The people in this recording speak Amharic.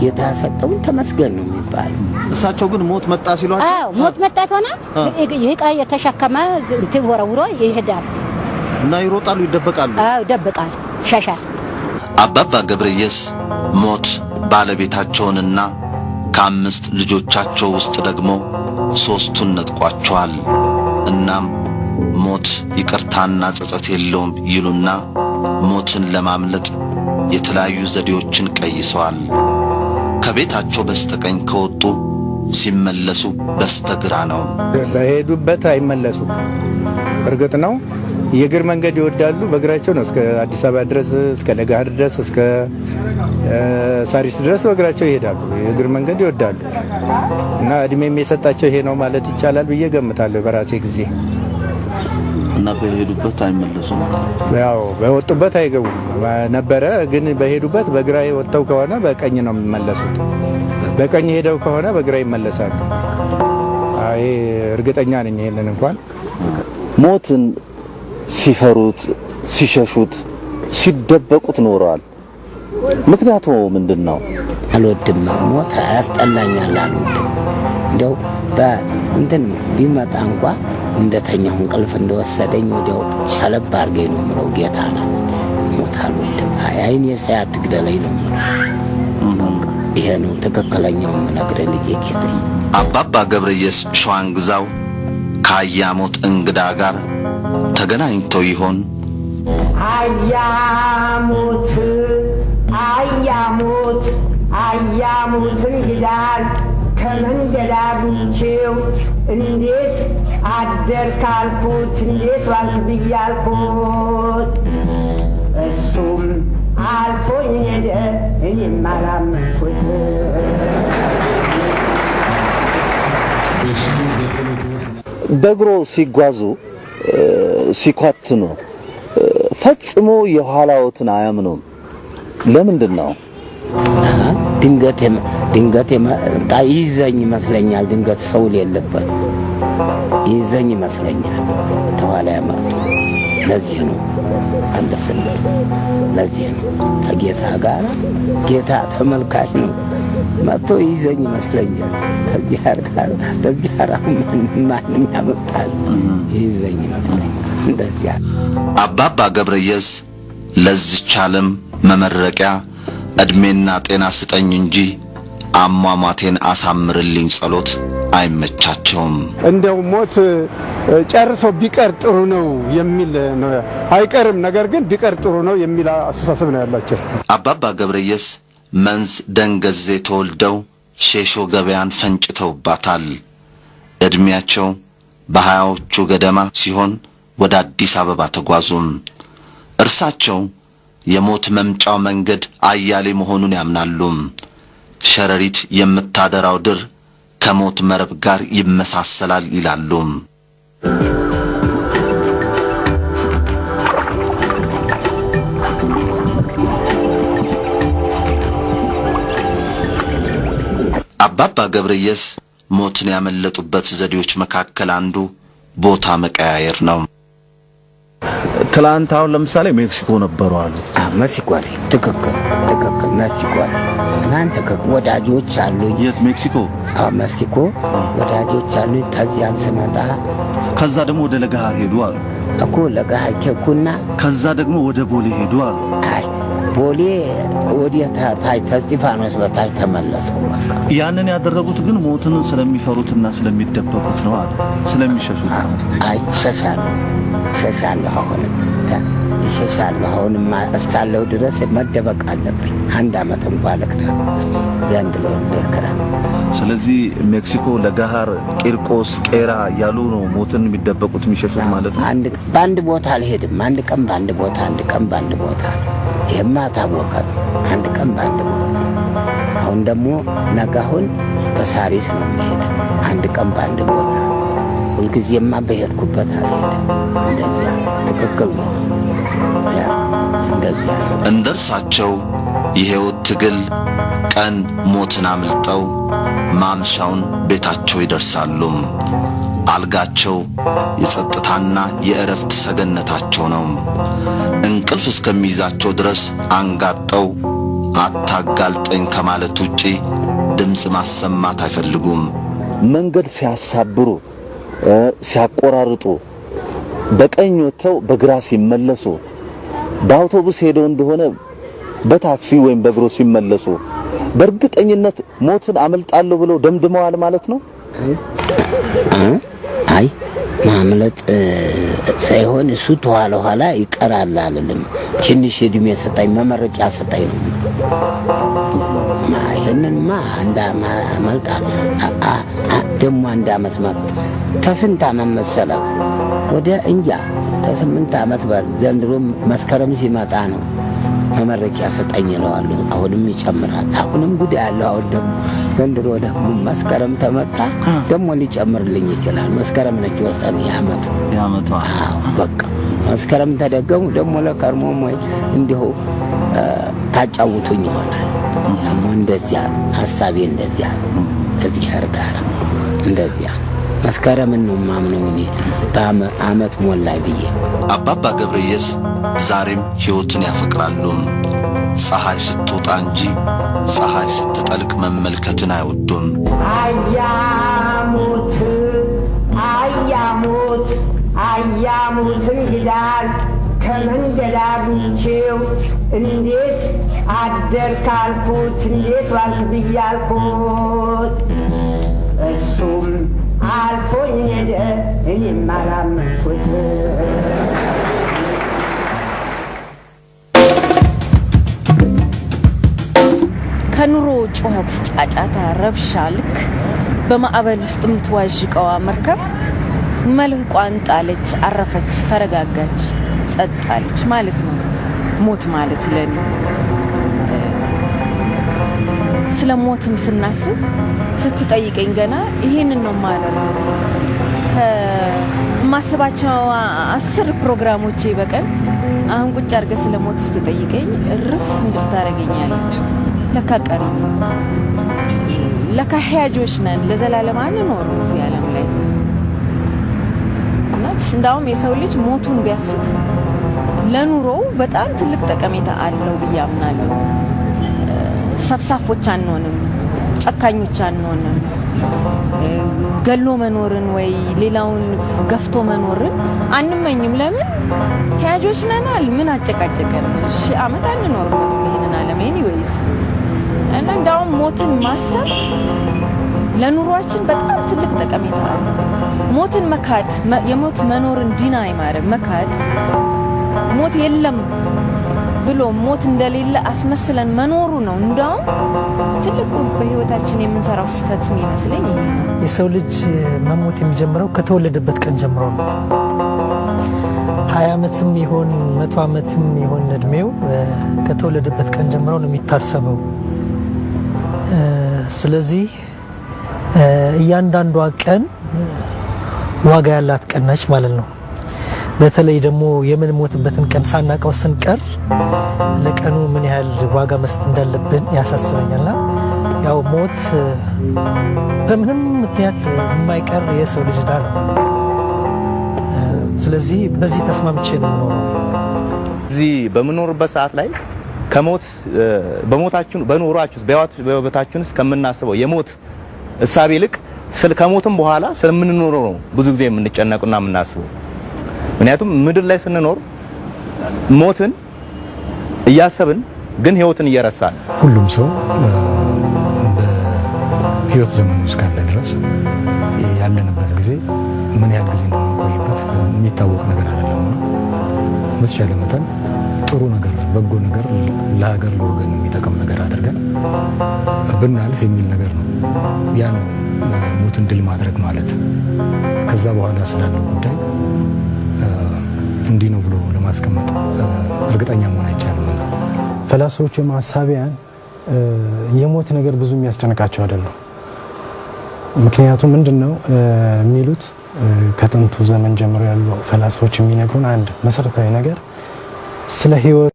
ጌታ ሰጠውን ተመስገን ነው የሚባለው። እሳቸው ግን ሞት መጣ ሲሏቸው፣ አዎ ሞት መጣ ሆነ ዕቃ የተሸከመ ወረውሮ ይሄዳል እና ይሮጣሉ፣ ይደበቃሉ። አዎ ይደበቃል፣ ይሸሻል። አባባ ገብረየስ ሞት ባለቤታቸውንና ከአምስት ልጆቻቸው ውስጥ ደግሞ ሦስቱን ነጥቋቸዋል። እናም ሞት ይቅርታና ጸጸት የለውም ይሉና ሞትን ለማምለጥ የተለያዩ ዘዴዎችን ቀይሰዋል። ከቤታቸው በስተቀኝ ከወጡ ሲመለሱ በስተግራ ነው። በሄዱበት አይመለሱ። እርግጥ ነው የእግር መንገድ ይወዳሉ። በእግራቸው ነው እስከ አዲስ አበባ ድረስ፣ እስከ ለጋህር ድረስ፣ እስከ ሳሪስ ድረስ በእግራቸው ይሄዳሉ። የእግር መንገድ ይወዳሉ እና እድሜም የሰጣቸው ይሄ ነው ማለት ይቻላል ብዬ ገምታለሁ በራሴ ጊዜ እና በሄዱበት አይመለሱም። ያው በወጡበት አይገቡም ነበረ። ግን በሄዱበት በግራ ወጥተው ከሆነ በቀኝ ነው የሚመለሱት። በቀኝ ሄደው ከሆነ በግራ ይመለሳሉ። አይ እርግጠኛ ነኝ። ይሄንን እንኳን ሞትን ሲፈሩት፣ ሲሸሹት፣ ሲደበቁት ኖረዋል። ምክንያቱ ምንድን ነው? አልወድም ሞት ያስጠላኛል። አልወድም እንደው በእንትን ቢመጣ እንኳ እንደተኛሁ እንቅልፍ እንደወሰደኝ ወዲያው ሸለብ አድርገኝ ነው የምለው። ጌታ ነው ሞት አልወድም። አይኔ ሳይ አትግደለኝ ነው የምለው። ይሄ ነው ትክክለኛው የምነግርህ ልጄ ጌታ። አባባ ገብረየስ ሸዋን ግዛው ከአያሞት እንግዳ ጋር ተገናኝቶ ይሆን? አያሙት አያሙት አያሙት ይላል ተመንገዳግኝቼው እንዴት አደር ካልኩት እንዴት ዋልክ ብያልኩት እሱም አልፎኝ ሄደ እኔም አላመንኩት። በእግሮ ሲጓዙ ሲኳትኑ ፈጽሞ የኋላዎትን አያምኑም። ለምንድን ነው? ድንገት ድንገት የመጣ ይዘኝ ይመስለኛል። ድንገት ሰው ሌለበት ይዘኝ ይመስለኛል። ተኋላ ያመጡ ለዚህ ነው አንተ አንተስና ለዚህ ነው ከጌታ ጋር ጌታ ተመልካች ነው መጥቶ ይዘኝ ይመስለኛል። ተዚያር ጋር ተዚያር ማንም ያመጣል ይዘኝ ይመስለኛል። እንደዚያ አባባ ገብረየስ ለዚች ዓለም መመረቂያ እድሜና ጤና ስጠኝ እንጂ አሟሟቴን አሳምርልኝ ጸሎት አይመቻቸውም። እንደው ሞት ጨርሶ ቢቀር ጥሩ ነው የሚል ነው። አይቀርም፣ ነገር ግን ቢቀር ጥሩ ነው የሚል አስተሳሰብ ነው ያላቸው አባባ ገብረየስ መንዝ ደንገዜ ተወልደው ሼሾ ገበያን ፈንጭተውባታል። ዕድሜያቸው በሀያዎቹ ገደማ ሲሆን ወደ አዲስ አበባ ተጓዙም እርሳቸው የሞት መምጫው መንገድ አያሌ መሆኑን ያምናሉ። ሸረሪት የምታደራው ድር ከሞት መረብ ጋር ይመሳሰላል ይላሉ። አባባ ገብረየስ ሞትን ያመለጡበት ዘዴዎች መካከል አንዱ ቦታ መቀያየር ነው። ትላንት አሁን ለምሳሌ ሜክሲኮ ነበሩ አሉ። ሜክሲኮ አለ። ትክክል ትክክል። ሜክሲኮ ላይ እናንተ ወዳጆች አሉ። የት ሜክሲኮ? አዎ ሜክሲኮ ወዳጆች አሉ። ከዚያም ስመጣ ከዛ ደግሞ ወደ ለጋሃር ሄዱ አሉ እኮ ለጋሃር ኬኩና ከዛ ደግሞ ወደ ቦሌ ሄዱ አሉ። አይ ቦሌ ወዲህ ታች ተስጢፋኖስ በታች ተመለስኩ። ያንን ያደረጉት ግን ሞትን ስለሚፈሩትና ስለሚደበቁት ነው አለ። ስለሚሸሹት አይ እሸሻለሁ፣ እሸሻለሁ፣ አሁንም እሸሻለሁ። አሁንም እስካለሁ ድረስ መደበቅ አለብኝ። አንድ ዓመት እንኳ ልክራ ዘንድ ለወንደክራ ስለዚህ ሜክሲኮ ለጋሃር ቂርቆስ፣ ቄራ እያሉ ነው ሞትን የሚደበቁት የሚሸሹት ማለት ነው። በአንድ ቦታ አልሄድም። አንድ ቀን በአንድ ቦታ፣ አንድ ቀን በአንድ ቦታ ነው። ይህማ ታወቀ አንድ ቀን በአንድ ቦታ አሁን ደግሞ ነጋሁን በሳሪስ ነው የሚሄድ። አንድ ቀን በአንድ ቦታ ሁልጊዜማ በሄድኩበት አልሄድም። እንደዚያ ትክክል ነው። እንደ እርሳቸው የሕይወት ትግል ቀን ሞትን አምልጠው ማምሻውን ቤታቸው ይደርሳሉ። አልጋቸው የጸጥታና የእረፍት ሰገነታቸው ነው። እንቅልፍ እስከሚይዛቸው ድረስ አንጋጠው አታጋልጠኝ ከማለት ውጪ ድምፅ ማሰማት አይፈልጉም። መንገድ ሲያሳብሩ፣ ሲያቆራርጡ፣ በቀኝ ወጥተው በግራ ሲመለሱ፣ በአውቶቡስ ሄደው እንደሆነ በታክሲ ወይም በእግሮ ሲመለሱ በእርግጠኝነት ሞትን አመልጣለሁ ብለው ደምድመዋል ማለት ነው። አይ ማምለጥ ሳይሆን እሱ ተኋላ ኋላ ይቀራል አልልም። ትንሽ እድሜ ሰጣኝ፣ መመረቂያ ሰጠኝ ነው። ይህንንማ እንዳመልጣ ደግሞ አንድ አመት መ ተስንት አመት መሰለ ወደ እንጃ ተስምንት አመት በል ዘንድሮም መስከረም ሲመጣ ነው መመረቂያ ሰጠኝ እለዋለሁ። አሁንም ይጨምራል። አሁንም ጉድ ያለው አሁን ደግሞ ዘንድሮ ደግሞ መስከረም ተመጣ ደግሞ ሊጨምርልኝ ይችላል። መስከረም ነች ወሰኑ የአመቱ የአመቱ በቃ መስከረም ተደገሙ ደግሞ ለከርሞም ወይ እንዲሁ ታጫውቱኝ ይሆናል። ደግሞ እንደዚያ ሀሳቤ እንደዚያ እዚህ ጋር እንደዚያ መስከረምን ነው ማምነው እኔ በአመት ሞላ ብዬ። አባባ ገብረየስ ዛሬም ሕይወትን ያፈቅራሉ። ፀሐይ ስትወጣ እንጂ ፀሐይ ስትጠልቅ መመልከትን አይወዱም። አያሙት አያሙት አያሙት ይላል ከመንገድ አግኝቼው እንዴት አደር ካልኩት እንዴት ዋልክ ብያልኩት እሱም አልፎኝ እኔም አላመንኩት። ከኑሮ ጩኸት፣ ጫጫታ፣ ረብሻ ልክ በማዕበል ውስጥ የምትዋዥቀዋ መርከብ መልህቋን ጣለች፣ አረፈች፣ ተረጋጋች፣ ጸጥ አለች ማለት ነው ሞት ማለት ለኔ ስለ ሞትም ስናስብ ስትጠይቀኝ ገና ይሄንን ነው የማደርገው። ከማስባቸው አስር ፕሮግራሞቼ በቀን አሁን ቁጭ አድርገ ስለ ሞት ስትጠይቀኝ እርፍ እንድል ታደርገኛለህ። ለካ ቀሪ ለካ ሕያጆች ነን፣ ለዘላለም አንኖርም እዚህ ዓለም ላይ እና እንዳውም የሰው ልጅ ሞቱን ቢያስብ ለኑሮው በጣም ትልቅ ጠቀሜታ አለው ብዬ አምናለሁ። ሰፍሳፎች አንሆንም፣ ጨካኞች አንሆንም። ገሎ መኖርን ወይ ሌላውን ገፍቶ መኖርን አንመኝም። ለምን ተያጆች ነናል። ምን አጨቃጨቀን? ሺህ ዓመት አንኖርበት ይሄንን ዓለም ኤኒዌይስ እና እንዳውም ሞትን ማሰብ ለኑሯችን በጣም ትልቅ ጠቀሜታ አለ። ሞትን መካድ የሞት መኖርን ዲናይ ማድረግ መካድ ሞት የለም ብሎ ሞት እንደሌለ አስመስለን መኖሩ ነው። እንዳውም ትልቁ በህይወታችን የምንሰራው ስህተት የሚመስለኝ ይሄ የሰው ልጅ መሞት የሚጀምረው ከተወለደበት ቀን ጀምሮ ነው። ሀያ ዓመትም ይሆን መቶ ዓመትም ይሆን እድሜው ከተወለደበት ቀን ጀምሮ ነው የሚታሰበው። ስለዚህ እያንዳንዷ ቀን ዋጋ ያላት ቀን ነች ማለት ነው። በተለይ ደግሞ የምንሞትበትን ቀን ሳናቀው ስንቀር ለቀኑ ምን ያህል ዋጋ መስጠት እንዳለብን ያሳስበኛልና ያው ሞት በምንም ምክንያት የማይቀር የሰው ልጅ ዕዳ ነው። ስለዚህ በዚህ ተስማምቼ ነው እዚህ በምኖርበት ሰዓት ላይ ከሞት በሞታችሁ በኖራችሁ በሕይወታችሁን ከምናስበው የሞት እሳቤ ይልቅ ከሞትም በኋላ ስለምንኖረው ነው ብዙ ጊዜ የምንጨነቁና የምናስበው። ምክንያቱም ምድር ላይ ስንኖር ሞትን እያሰብን ግን ህይወትን እየረሳን ሁሉም ሰው በህይወት ዘመኑ እስካለ ድረስ ያለንበት ጊዜ ምን ያህል ጊዜ እንደምንቆይበት የሚታወቅ ነገር አይደለም። በተቻለ መጠን ጥሩ ነገር፣ በጎ ነገር ለሀገር ለወገን የሚጠቅም ነገር አድርገን ብናልፍ የሚል ነገር ነው። ያ ነው ሞትን ድል ማድረግ ማለት። ከዛ በኋላ ስላለው ጉዳይ እንዲህ ነው ብሎ ለማስቀመጥ እርግጠኛ መሆን አይቻልም። ፈላስፎች ወይም ሀሳቢያን የሞት ነገር ብዙ የሚያስጨንቃቸው አይደለም። ምክንያቱም ምንድን ነው የሚሉት ከጥንቱ ዘመን ጀምሮ ያሉ ፈላስፎች የሚነግሩን አንድ መሰረታዊ ነገር ስለ ህይወት